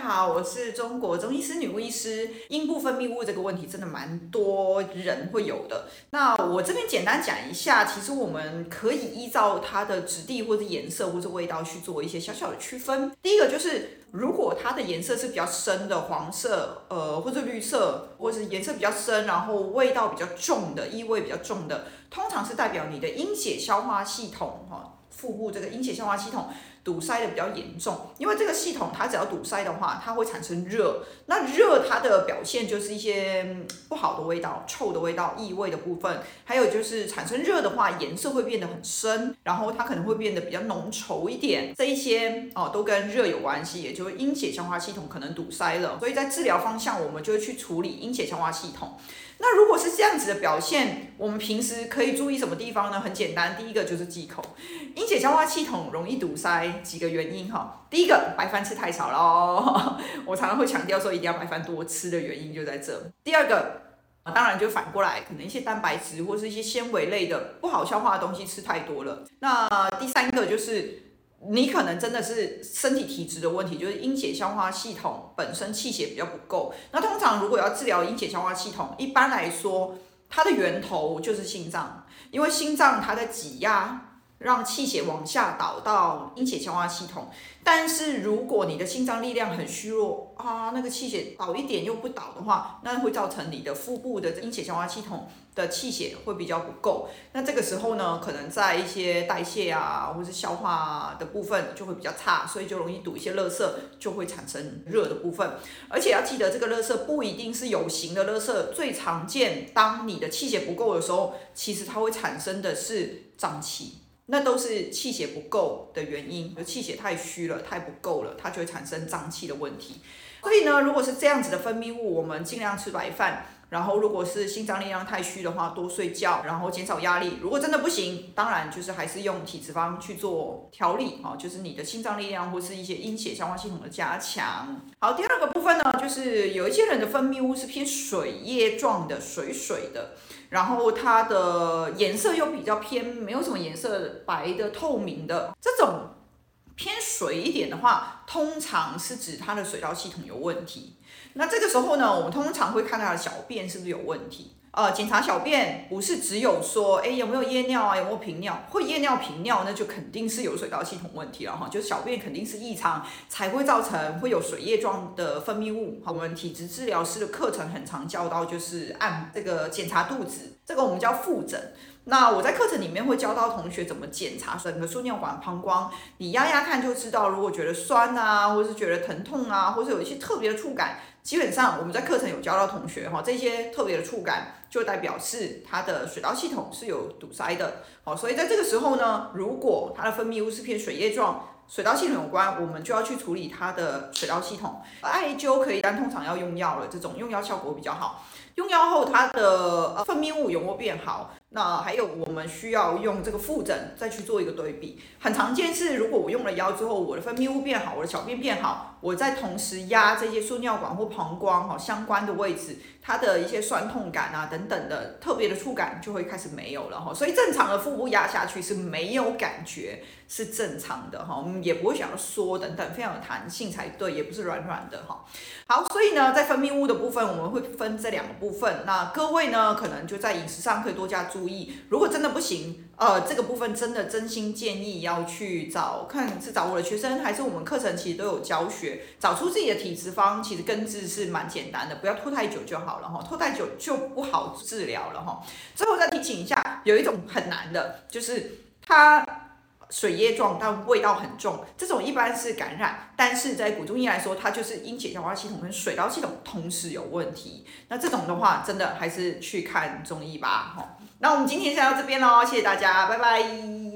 大家好，我是中國中醫師女巫醫師。陰部分泌物，這個問題真的蠻多人會有的。那我這邊簡單講一下，其實我們可以依照它的質地或者顏色或者味道去做一些小小的區分。第一個就是，如果它的顏色是比較深的黃色，呃，或者綠色，或者顏色比較深，然後味道比較重的，異味比較重的，通常是代表你的陰血消化系統哈。哦腹部這個陰血消化系統堵塞的比較嚴重，因為這個系統它只要堵塞的話，它會產生熱。那熱它的表現就是一些不好的味道、臭的味道、異味的部分，還有就是產生熱的話，顏色會變得很深，然後它可能會變得比較濃稠一點。這一些哦，都跟熱有關係，也就是陰血消化系統可能堵塞了。所以在治療方向，我們就會去處理陰血消化系統。那如果是這樣子的表現，我們平時可以注意什麼地方呢？很簡單，第一個就是忌口。陰因血消化系統容易堵塞幾個原因哈，第一個白飯吃太少嘍， 我常常會強調說，一定要白飯多吃的原因就在這。第二個、啊，當然就反過來，可能一些蛋白質或是一些纖維類的不好消化的東西吃太多了。那第三個就是你可能真的是身體體質的問題，就是因血消化系統本身氣血比較不夠。那通常如果要治療因血消化系統，一般來說它的源頭就是心臟，因為心臟它的擠壓、啊。讓氣血往下導到陰血消化系統，但是如果你的心臟力量很虛弱啊，那個氣血導一點又不導的話，那會造成你的腹部的陰血消化系統的氣血會比較不夠。那這個時候呢，可能在一些代謝啊或者是消化的部分就會比較差，所以就容易堵一些垃圾，就會產生熱的部分。而且要記得，這個垃圾不一定是有形的垃圾，最常見當你的氣血不夠的時候，其實它會產生的是脹氣。那都是氣血不夠的原因，氣血太虛了，太不夠了，它就會產生臟器的問題。所以呢，如果是這樣子的分泌物，我們儘量吃白飯。然後，如果是心臟力量太虛的話，多睡覺，然後減少壓力。如果真的不行，當然就是還是用體脂肪去做調理啊、哦，就是你的心臟力量或是一些陰血相關系統的加強。好，第二個部分呢，就是有一些人的分泌物是偏水液狀的，水水的，然後它的顏色又比較偏，沒有什麼顏色，白的、透明的這種。偏水一點的話，通常是指他的水道系統有問題。那這個時候呢，我們通常會看他的小便是不是有問題。呃，檢查小便不是只有說，哎、欸，有沒有夜尿啊，有沒有頻尿？會夜尿頻尿，那就肯定是有水道系統問題了哈。就小便肯定是異常，才會造成會有水液狀的分泌物。我們體質治療師的課程很常教到，就是按這個檢查肚子，這個我們叫腹診。那我在課程裡面會教到同學怎麼檢查整個輸尿管、膀胱，你壓壓看就知道。如果覺得痠啊，或者是覺得疼痛啊，或是有一些特別的觸感，基本上我們在課程有教到同學哈，這些特別的觸感就代表是它的水道系統是有堵塞的哦。所以在這個時候呢，如果它的分泌物是偏水液狀，水道系統有關，我們就要去處理它的水道系統。艾灸可以，但通常要用藥了，這種用藥效果比較好。用藥後，它的呃分泌物有沒有變好？那還有，我們需要用這個腹診，再去做一個對比。很常見是，如果我用了藥之後，我的分泌物變好，我的小便變好，我在同時壓這些輸尿管或膀胱哈相關的位置，它的一些酸痛感啊等等的特別的觸感就會開始沒有了哈。所以正常的腹部壓下去是沒有感覺是正常的哈，我們也不會想要縮等等，非常有彈性才對，也不是軟軟的哈。好，好，所以呢，在分泌物的部分，我們會分這兩個部分。那各位呢，可能就在飲食上可以多加注。注意，如果真的不行，呃，這個部分真的真心建議要去找看是找我的學生，還是我們課程其實都有教學，找出自己的體質方，其實根治是蠻簡單的，不要拖太久就好了哈，拖太久就不好治療了哈。最後再提醒一下，有一種很難的，就是它水液狀，但味道很重，這種一般是感染，但是在古中醫來說，它就是陰解消化系統跟水道系統同時有問題。那這種的話，真的還是去看中醫吧，哈。那我們今天先到這邊嘍，謝謝大家，拜拜。